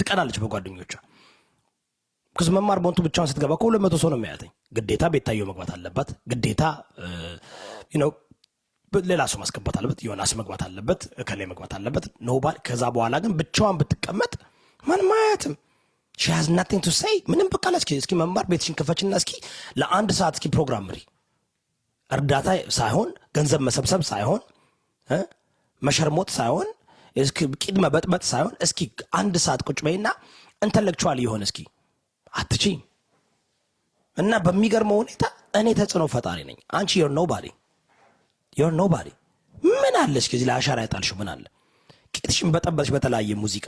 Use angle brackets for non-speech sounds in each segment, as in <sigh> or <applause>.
ትቀናለች በጓደኞቿ ክስ መማር በወንቱ ብቻውን ስትገባ እኮ ሁለት መቶ ሰው ነው የሚያያተኝ። ግዴታ ቤታየው መግባት አለባት። ግዴታ ሌላ ሰው ማስገባት አለበት። ዮናስ መግባት አለበት። እከሌ መግባት አለበት። ኖባል ከዛ በኋላ ግን ብቻዋን ብትቀመጥ ማንም አያትም። ሺሃዝ ናቲንግ ቱ ሳይ ምንም በቃ እስኪ እስኪ መማር ቤትሽን ክፈችና እስኪ ለአንድ ሰዓት እስኪ ፕሮግራም ምሪ። እርዳታ ሳይሆን ገንዘብ መሰብሰብ ሳይሆን መሸርሞጥ ሳይሆን ቅድመ በጥበጥ ሳይሆን እስኪ አንድ ሰዓት ቁጭ በይና ኢንተሌክቹዋል የሆን እስኪ አትቺ እና በሚገርመው ሁኔታ እኔ ተጽዕኖ ፈጣሪ ነኝ። አንቺ ዮር ኖባዲ ዮር ኖባዲ ምን አለ አለሽ? ከዚህ ለአሻራ ያጣልሽ ምን አለ? ቂጥሽን በጠበጥሽ፣ በተለያየ ሙዚቃ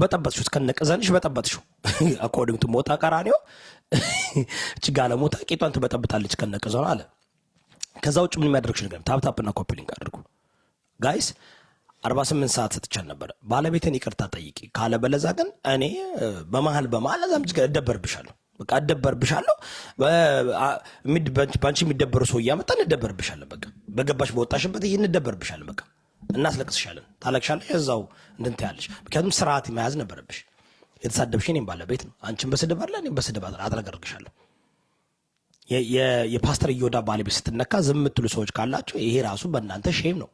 በጠበጥሽ፣ እስከነቀዘንሽ በጠበጥሽ። አኮርዲንግ <laughs> ቱ ሞጣ ቀራኒዮ ችጋ ለሞታ ቂጧን ትበጠብጣለች ከነቀዘን አለ። ከዛ ውጭ ምን የሚያደርግሽ ነገር ታፕታፕና ኮፒሊንግ አድርጉ ጋይስ። 48 ሰዓት ሰጥቻት ነበር። ባለቤትን ይቅርታ ጠይቂ፣ ካለ በለዛ ግን እኔ በመሀል በመሀል እዛም እደበርብሻለሁ፣ በቃ እደበርብሻለሁ። በአንቺ የሚደበሩ ሰው እያመጣ እንደበርብሻለን፣ በቃ በገባሽ በወጣሽበት ይህ እንደበርብሻለን፣ በቃ እናስለቅስሻለን፣ ታለቅሻለሽ፣ እዛው እንትን ትያለሽ። ምክንያቱም ስርዓት መያዝ ነበረብሽ። የተሳደብሽ እኔም ባለቤት ነው። አንቺን በስድብ አለ፣ እኔም በስድብ አጥለቀርቅሻለሁ። የፓስተር እዮዳ ባለቤት ስትነካ ዝም የምትሉ ሰዎች ካላቸው ይሄ ራሱ በእናንተ ሼም ነው።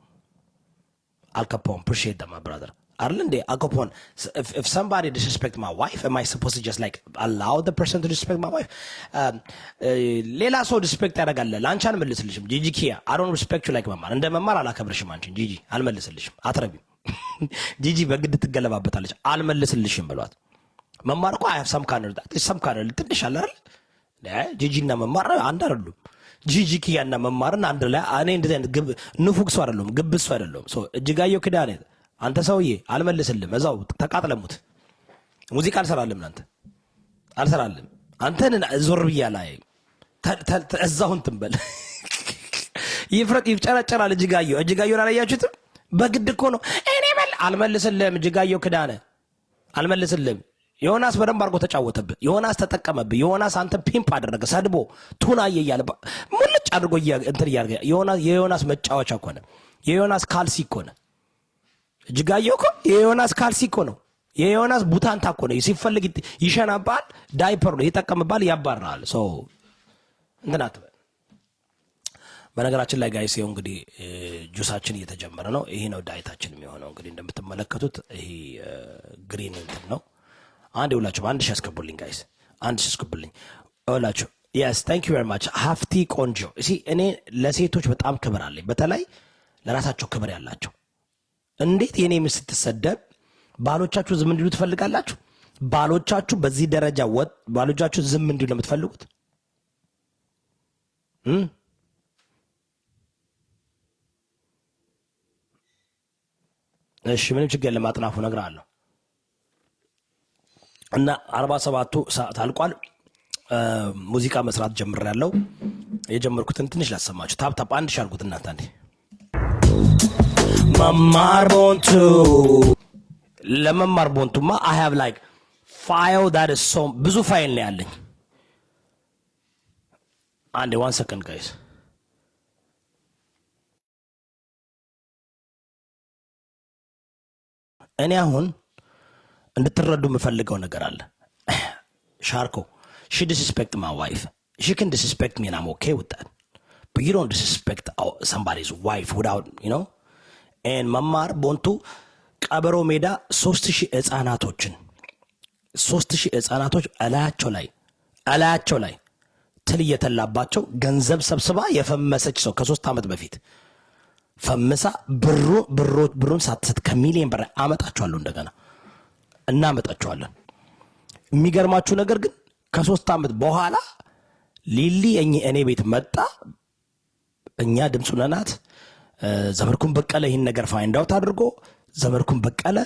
አልከፖን ፕሪሺየት ማ ብራዘር አይደል እንዴ አልከፖን ኢፍ ሰምባዲ ዲስሪስፔክት ማ ዋይፍ ኤም አይ ጀስት ላይክ አላው ዘ ፐርሰን ቱ ዲስሪስፔክት ማ ዋይፍ ሌላ ሰው ዲስሪስፔክት ያደርጋል ለአንቺ አልመልስልሽም ጂጂ ኪያ አይ ሪስፔክት ዩ ላይክ መማር እንደ መማር አላከብርሽም አንቺን ጂጂ አልመልስልሽም አትረቢም <laughs> ጂጂ በግድ ትገለባበታለች አልመልስልሽም ብሏት መማር እኮ አይ ሃቭ ሰም ካንር ትንሽ አለ አይደል ጂጂና መማር አንድ አይደሉም። ጂጂ ኪያና መማርን አንድ ላይ እኔ እንደዚህ አይነት ንፉግ ሰው አይደለሁም፣ ግብ ሰው አይደለሁም። እጅጋየሁ ኪዳኔ አንተ ሰውዬ አልመልስልም፣ እዛው ተቃጥለሙት። ሙዚቃ አልሰራልም፣ ናንተ አልሰራልም። አንተን ዞር ብያ ላይ እዛሁን ትንበል ይፍረጥ ይፍጨረጨራል። እጅጋየሁ እጅጋየሁን አላያችሁትም? በግድ እኮ ነው። እኔ አልመልስልም፣ እጅጋየሁ ኪዳኔ አልመልስልም። ዮናስ በደንብ አድርጎ ተጫወተብህ። ዮናስ ተጠቀመብህ። ዮናስ አንተ ፒምፕ አደረገ፣ ሰድቦ ቱና ቱናዬ እያለ ሙልጭ አድርጎ እንትን እያደረገ የዮናስ መጫወቻ እኮ ነው። የዮናስ ካልሲ እኮ ነው። እጅጋየሁ እኮ የዮናስ ካልሲ እኮ ነው። የዮናስ ቡታንታ እኮ ነው። ሲፈልግ ይሸናባል፣ ዳይፐር ነው ይጠቀምባል፣ ያባራል። ሰው እንትን አትበል። በነገራችን ላይ ጋይስ ይኸው እንግዲህ ጁሳችን እየተጀመረ ነው። ይሄ ነው ዳይታችን የሚሆነው እንግዲህ እንደምትመለከቱት ይሄ ግሪን እንትን ነው አንድ ውላችሁ አንድ ሺ አስገቡልኝ ጋይስ፣ አንድ ሺ አስገቡልኝ ይውላችሁ። የስ ታንክ ዩ ቨሪ ማች ሀፍቲ ቆንጆ። እሺ እኔ ለሴቶች በጣም ክብር አለኝ፣ በተለይ ለራሳቸው ክብር ያላቸው። እንዴት የኔ ሚስት ስትሰደብ ባሎቻችሁ ዝም እንዲሉ ትፈልጋላችሁ? ባሎቻችሁ በዚህ ደረጃ ወጥ ባሎቻችሁ ዝም እንዲሉ ነው የምትፈልጉት? እሺ ምንም ችግር የለም። አጥናፉ እነግርሃለሁ። እና አርባ ሰባቱ ሰዓት አልቋል። ሙዚቃ መስራት ጀምር ያለው የጀመርኩትን ትንሽ ላሰማችሁ። ታፕታፕ አንድ ሻልኩት እናታ እናንተ መማር ቦንቱ ለመማር ቦንቱማ አይ ሃቭ ላይክ ፋይል ዳት ሶ ብዙ ፋይል ነው ያለኝ። አንዴ ዋን ሰከንድ ጋይስ እኔ አሁን እንድትረዱ የምፈልገው ነገር አለ። <clears throat> ሻርኮ ሺ ዲስስፔክት ማ ዋይፍ ሺ ክን ዲስስፔክት ሚን አም ኦኬ ዊዝ ዛት ዩ ዶንት ዲስስፔክት ሰምባዲዝ ዋይፍ ዊዳውት ነው ን መማር ቦንቱ ቀበሮ ሜዳ ሶስት ሺህ ህጻናቶችን ሶስት ሺህ ህጻናቶች እላያቸው ላይ እላያቸው ላይ ትል እየተላባቸው ገንዘብ ሰብስባ የፈመሰች ሰው ከሶስት ዓመት በፊት ፈምሳ ብሩን ሳትሰጥ ከሚሊየን በላይ አመጣቸዋለሁ እንደገና እናመጣቸዋለን። የሚገርማችሁ ነገር ግን ከሶስት ዓመት በኋላ ሊሊ እኔ ቤት መጣ። እኛ ድምፁ ነናት። ዘመድኩን በቀለ ይህን ነገር ፋይንዳውት አድርጎ ዘመድኩን በቀለ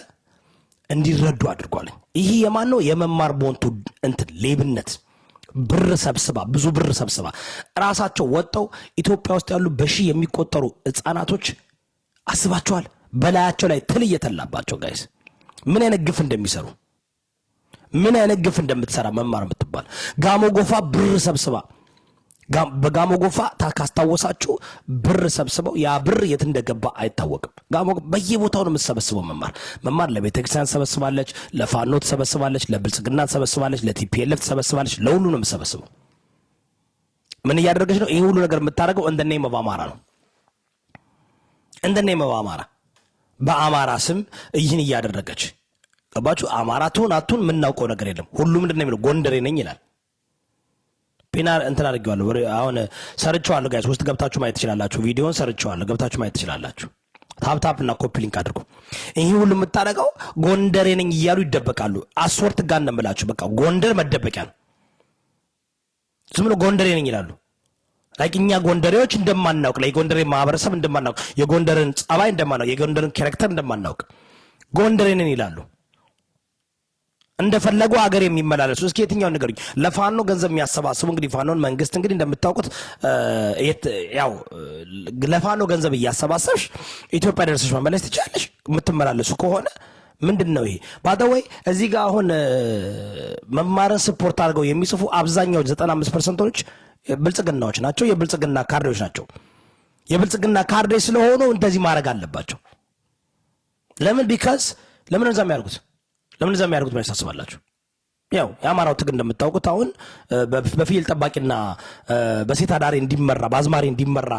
እንዲረዱ አድርጓለኝ። ይህ የማን ነው? የመማር ቦንቱ እንትን ሌብነት ብር ሰብስባ ብዙ ብር ሰብስባ እራሳቸው ወጥተው ኢትዮጵያ ውስጥ ያሉ በሺ የሚቆጠሩ ህፃናቶች አስባቸዋል። በላያቸው ላይ ትል እየተላባቸው ጋይስ ምን አይነት ግፍ እንደሚሰሩ ምን አይነት ግፍ እንደምትሰራ መማር የምትባል ጋሞ ጎፋ ብር ሰብስባ በጋሞ ጎፋ ካስታወሳችሁ ብር ሰብስበው ያ ብር የት እንደገባ አይታወቅም። ጋሞ በየቦታው ነው የምትሰበስበው። መማር መማር ለቤተ ክርስቲያን ትሰበስባለች፣ ለፋኖ ትሰበስባለች፣ ለብልጽግና ትሰበስባለች፣ ለቲፒኤልኤፍ ትሰበስባለች፣ ለሁሉ ነው የምትሰበስበው። ምን እያደረገች ነው? ይህ ሁሉ ነገር የምታደርገው እንደነ መባማራ ነው እንደነ መባማራ በአማራ ስም ይህን እያደረገች ገባችሁ? አማራ ትሁን አትሁን የምናውቀው ነገር የለም። ሁሉ ምንድን ነው የሚለው ጎንደሬ ነኝ ይላል። ፔና እንትን አድርጌዋለሁ። አሁን ሰርቼዋለሁ። ጋይስ ውስጥ ገብታችሁ ማየት ትችላላችሁ። ቪዲዮን ሰርቼዋለሁ። ገብታችሁ ማየት ትችላላችሁ። ታፕታፕ እና ኮፒ ሊንክ አድርጉ። ይህ ሁሉ የምታደርገው ጎንደሬ ነኝ እያሉ ይደበቃሉ። አስወርት ጋር እንደምላችሁ በቃ ጎንደር መደበቂያ ነው። ዝም ብሎ ጎንደሬ ነኝ ይላሉ። ላይቅኛ ጎንደሬዎች እንደማናውቅ የጎንደሬ ማህበረሰብ እንደማናውቅ የጎንደርን ጸባይ እንደማናውቅ የጎንደርን ካራክተር እንደማናውቅ ጎንደሬንን ይላሉ። እንደፈለጉ ሀገር የሚመላለሱ እስኪ የትኛውን ንገሩኝ። ለፋኖ ገንዘብ የሚያሰባስቡ እንግዲህ ፋኖን መንግስት እንግዲህ እንደምታውቁት ያው ለፋኖ ገንዘብ እያሰባሰብሽ ኢትዮጵያ ደርሰሽ መመለስ ትችላለሽ የምትመላለሱ ከሆነ ምንድን ነው ይሄ? ባደወይ እዚህ ጋር አሁን uh, መማርን ስፖርት አድርገው የሚጽፉ አብዛኛው 95 ፐርሰንቶች ብልጽግናዎች ናቸው፣ የብልጽግና ካድሬዎች ናቸው። የብልጽግና ካድሬ ስለሆኑ እንደዚህ ማድረግ አለባቸው። ለምን ቢካዝ ለምን እዛ የሚያደርጉት ለምን እዛ የሚያደርጉት ማለት ታስባላችሁ? ያው የአማራው ትግ እንደምታውቁት አሁን በፍየል ጠባቂና በሴት አዳሪ እንዲመራ በአዝማሪ እንዲመራ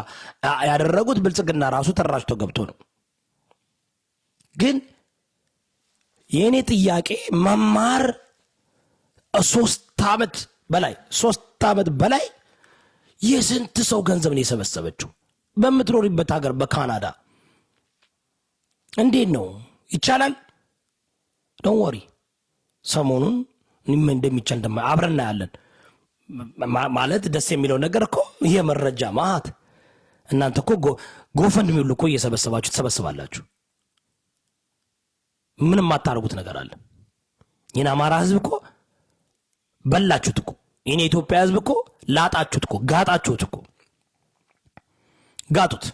ያደረጉት ብልጽግና ራሱ ተራጅቶ ገብቶ ነው። ግን የእኔ ጥያቄ መማር ሶስት ዓመት በላይ ሶስት ዓመት በላይ የስንት ሰው ገንዘብ ነው የሰበሰበችው? በምትኖሪበት ሀገር በካናዳ እንዴት ነው ይቻላል? ዶን ወሪ ሰሞኑን እንደሚቻል እንደማ አብረን እናያለን። ማለት ደስ የሚለው ነገር እኮ መረጃ ማት እናንተ እኮ ጎፈንድ ሁሉ እኮ እየሰበሰባችሁ ትሰበስባላችሁ። ምንም የማታደርጉት ነገር አለ። ይህን አማራ ህዝብ እኮ በላችሁት እኮ ይህን የኢትዮጵያ ህዝብ እኮ ላጣችሁት እኮ ጋጣችሁት እኮ ጋጡት።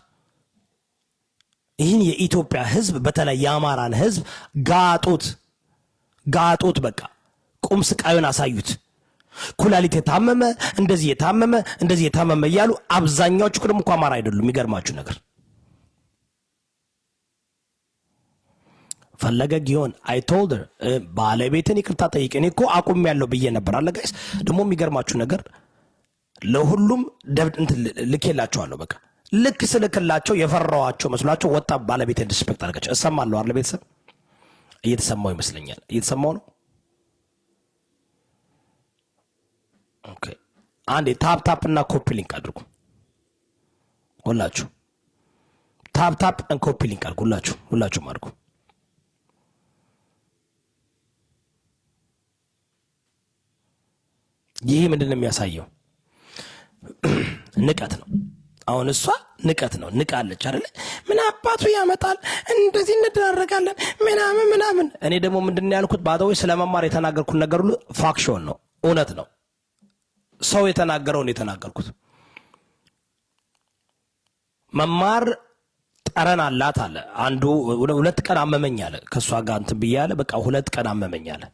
ይህን የኢትዮጵያ ህዝብ በተለይ የአማራን ህዝብ ጋጡት ጋጡት። በቃ ቁም ስቃዩን አሳዩት። ኩላሊት የታመመ እንደዚህ የታመመ እንደዚህ የታመመ እያሉ አብዛኛዎቹ እኮ ደግሞ እኮ አማራ አይደሉም። የሚገርማችሁ ነገር ፈለገ ጊዮን አይቶልደር ባለቤትን ይቅርታ ጠይቅ እኔ እኮ ያለው ብዬ ነበር አለጋይስ ደግሞ የሚገርማችሁ ነገር ለሁሉም ልኬላቸዋለሁ። በቃ ልክ ስልክላቸው የፈራዋቸው መስሏቸው ወጣ። ባለቤት ዲስፔክት አድርጋቸው እሰማለሁ። አለ ቤተሰብ እየተሰማው ይመስለኛል። እየተሰማው ነው። አንዴ ታፕ ታፕ እና ኮፒ ሊንክ አድርጉ ሁላችሁ። ታፕ ታፕ እና ኮፒ ሊንክ አድርጉ ሁላችሁ፣ ሁላችሁም አድርጉ። ይህ ምንድን ነው የሚያሳየው? ንቀት ነው። አሁን እሷ ንቀት ነው ንቃለች አይደለ? ምን አባቱ ያመጣል እንደዚህ እንደራረጋለን ምናምን ምናምን። እኔ ደግሞ ምንድን ያልኩት ባታዎች ስለመማር የተናገርኩት ነገር ሁሉ ፋክሽን ነው፣ እውነት ነው። ሰው የተናገረውን የተናገርኩት መማር ጠረን አላት አለ አንዱ። ሁለት ቀን አመመኝ አለ ከእሷ ጋር እንትን ብዬ አለ በቃ ሁለት ቀን አመመኝ አለ።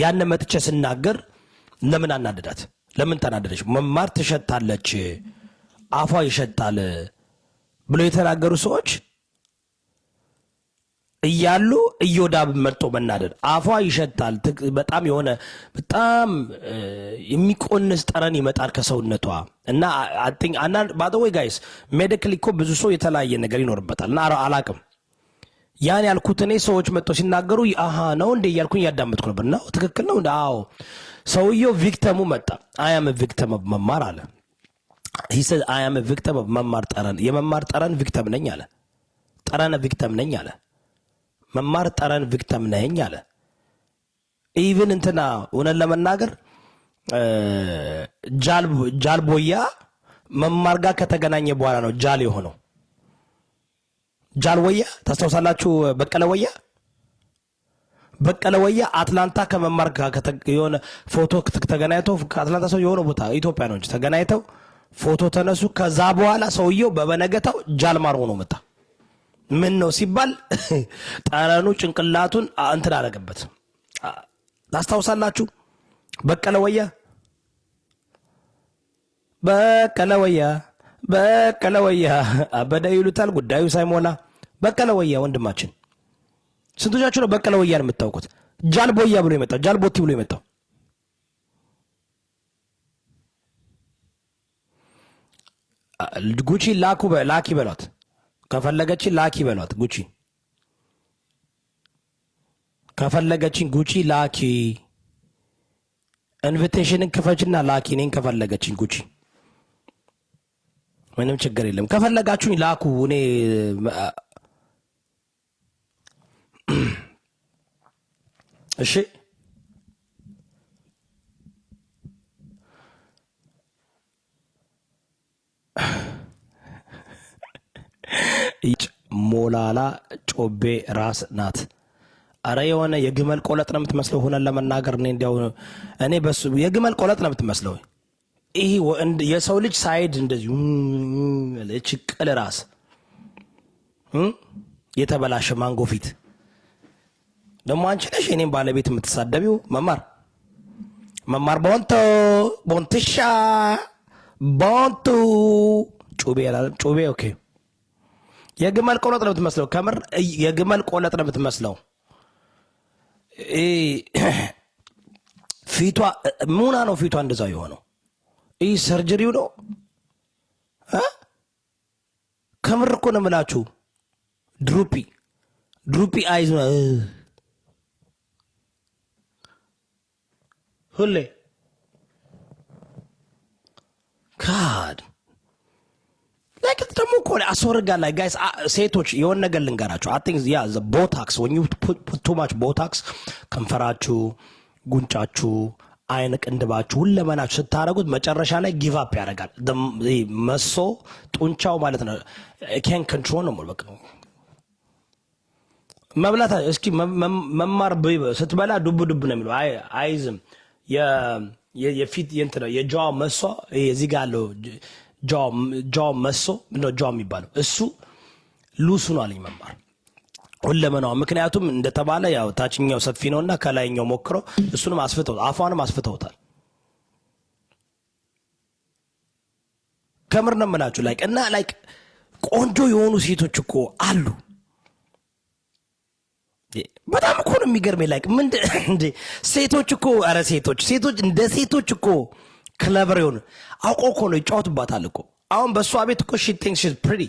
ያን መጥቼ ስናገር ለምን አናደዳት? ለምን ተናደደች? መማር ትሸታለች፣ አፏ ይሸታል ብሎ የተናገሩ ሰዎች እያሉ እዮዳብን መርጦ መናደድ አፏ ይሸታል፣ በጣም የሆነ በጣም የሚቆንስ ጠረን ይመጣል ከሰውነቷ እና ባይ ጋይስ ሜዲካሊ እኮ ብዙ ሰው የተለያየ ነገር ይኖርበታል እና አላቅም ያን ያልኩት እኔ ሰዎች መጥተው ሲናገሩ አሃ ነው እንዴ እያልኩኝ እያዳመጥኩ ነበር። እና ትክክል ነው። አዎ ሰውየው ቪክተሙ መጣ። አያም ቪክተም ኦፍ መማር አለ። ሂሰድ አያም ቪክተም ኦፍ መማር ጠረን፣ የመማር ጠረን ቪክተም ነኝ አለ። ጠረነ ቪክተም ነኝ አለ። መማር ጠረን ቪክተም ነኝ አለ። ኢቭን እንትና እውነት ለመናገር ጃልቦያ መማር ጋር ከተገናኘ በኋላ ነው ጃል የሆነው። ጃል ወያ ታስታውሳላችሁ? በቀለ ወያ በቀለ ወያ አትላንታ ከመማር የሆነ ፎቶ ተገናኝተው አትላንታ ሰው የሆነ ቦታ እንጂ ተገናኝተው ፎቶ ተነሱ። ከዛ በኋላ ሰውየው በበነገታው ጃልማር ሆኖ መጣ። ምን ነው ሲባል <laughs> ጠረኑ ጭንቅላቱን እንትን አደረገበት። ታስታውሳላችሁ? በቀለ ወያ በቀለ ወያ በቀለ ወያ አበደ ይሉታል። ጉዳዩ ሳይሞላ በቀለ ወያ ወንድማችን፣ ስንቶቻችሁ ነው በቀለ ነው የምታውቁት? ጃልቦያ ብሎ የመጣው ጃልቦቲ ብሎ የመጣው ጉቺ ላኩ ላኪ በሏት፣ ከፈለገችን ላኪ በሏት። ጉቺ ከፈለገችን ጉቺ ላኪ፣ ኢንቪቴሽንን ክፈችና ላኪ እኔን ከፈለገችን ጉቺ ምንም ችግር የለም። ከፈለጋችሁኝ ላኩ። እኔ <clears throat> እሺ ሞላላ ጮቤ ራስ ናት። አረ የሆነ የግመል ቆለጥ ነው የምትመስለው። ሆነን ለመናገር እኔ እንዲያው እኔ በሱ የግመል ቆለጥ ነው የምትመስለው። ይህ የሰው ልጅ ሳይድ እንደዚህ እንደዚሁ ችቅል ራስ የተበላሸ ማንጎ ፊት ደግሞ አንቺ ነሽ እኔም ባለቤት የምትሳደቢው። መማር መማር ቦንቶ ቦንትሻ ቦንቱ ጩቤ ያላለም ጩቤ። ኦኬ የግመል ቆለጥ ነው የምትመስለው። ከምር የግመል ቆለጥ ነው የምትመስለው። <clears throat> ፊቷ ሙና ነው ፊቷ እንደዛው የሆነው። ይህ ሰርጀሪው ነው። ከምር እኮ ነው የምላችሁ። ድሩፒ ድሩፒ አይዝ ሁሌ ካድ ላይክ ደግሞ እኮ ላይ ጋይስ ሴቶች የሆን ነገር ልንገራችሁ። አይ ያ ቦታክስ ወን ዩ ቱ ማች ቦታክስ ከንፈራችሁ፣ ጉንጫችሁ አይን ቅንድባችሁ ሁለመናችሁ ስታደረጉት መጨረሻ ላይ ጊቭ አፕ ያደርጋል። መሶ ጡንቻው ማለት ነው። ኬን ክንትሮል ነው። በቃ መብላት እስኪ መማር ስትበላ ዱብ ዱብ ነው የሚለው አይዝም። የፊት የእንትን ነው የጃ መሶ እዚህ ጋ ያለው ጃ መሶ ምንድን ነው ጃዋ የሚባለው እሱ ሉሱ ነው አለኝ መማር ሁለመናዋ ምክንያቱም እንደተባለ ያው ታችኛው ሰፊ ነውና ከላይኛው ሞክሮ እሱንም አስፍተውታል፣ አፏንም አስፍተውታል። ከምር ነው የምላችሁ ላይክ እና ላይክ ቆንጆ የሆኑ ሴቶች እኮ አሉ። በጣም እኮ ነው የሚገርመኝ። ላይክ ምንድን እንደ ሴቶች እኮ ኧረ ሴቶች ሴቶች እንደ ሴቶች እኮ ክለበር የሆኑ አውቆ እኮ ነው ይጫወቱባታል እኮ አሁን በእሷ ቤት እኮ ሺ ቲንክስ ሺ ፕሪቲ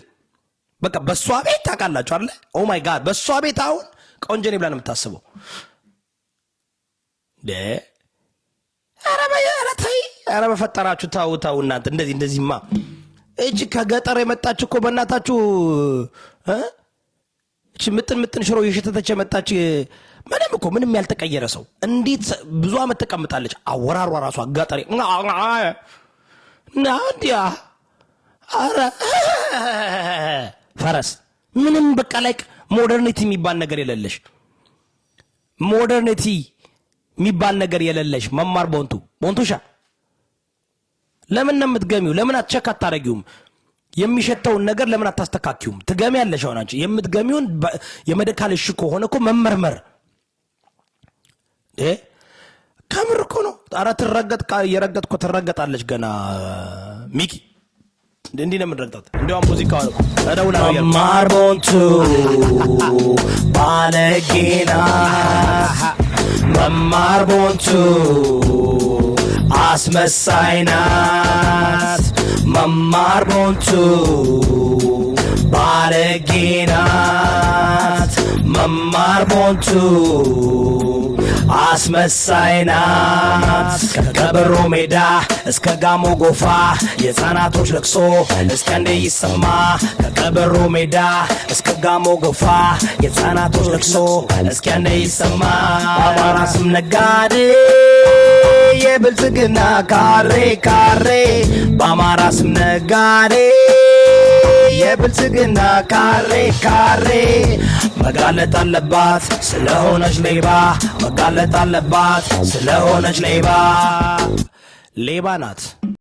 በቃ በእሷ ቤት ታውቃላችሁ አለ። ኦ ማይ ጋድ በእሷ ቤት አሁን ቆንጆኔ ብላ ነው የምታስበው። ኧረ ተይ፣ ኧረ በፈጠራችሁ ታው ታው እናንተ እንደዚህ እንደዚህማ እጅ ከገጠር የመጣችሁ እኮ በእናታችሁ እ ምጥን ምጥን ሽሮ የሸተተች የመጣች ምንም እኮ ምንም ያልተቀየረ ሰው እንዴት ብዙ አመት ተቀምጣለች። አወራሯ ራሱ አጋጠሪ ገጠሬ እንዲያ ኧረ ፈረስ ምንም በቃ ላይ ሞደርኒቲ የሚባል ነገር የለለሽ፣ ሞደርኒቲ የሚባል ነገር የለለሽ። መማር ቦንቱ ቦንቱሻ ለምን ነው የምትገሚው? ለምን አትቸክ አታረጊውም? የሚሸተውን ነገር ለምን አታስተካኪውም? ትገሚ ያለሽ አሁን አንቺ የምትገሚውን የመደካልሽ ከሆነ እኮ መመርመር ከምር እኮ ነው። ኧረ ትረገጥ የረገጥኮ ትረገጣለች ገና ሚኪ እንዲህ ነው የምንረግጣት። እንዲያውም ሙዚቃ እደውላለማርቦንቱ ባለጌና መማርቦንቱ አስመሳይናት መማርቦንቱ ባለጌናት መማር ቦንቱ አስመሳይ ናት ከቀበሮ ሜዳ እስከ ጋሞ ጎፋ የህፃናቶች ለቅሶ እስከ እንዴ ይሰማ ከቀበሮ ሜዳ እስከ ጋሞ ጎፋ የህፃናቶች ለቅሶ እስከ እንዴ ይሰማ አማራ ስም ነጋዴ የብልጽግና ካሬ ካሬ በአማራ ስም ነጋዴ የብልጽግና ካሬ ካሬ መጋለጥ አለባት ስለሆነች ሌባ መጋለጥ አለባት ስለሆነች ሌባ ሌባ ናት።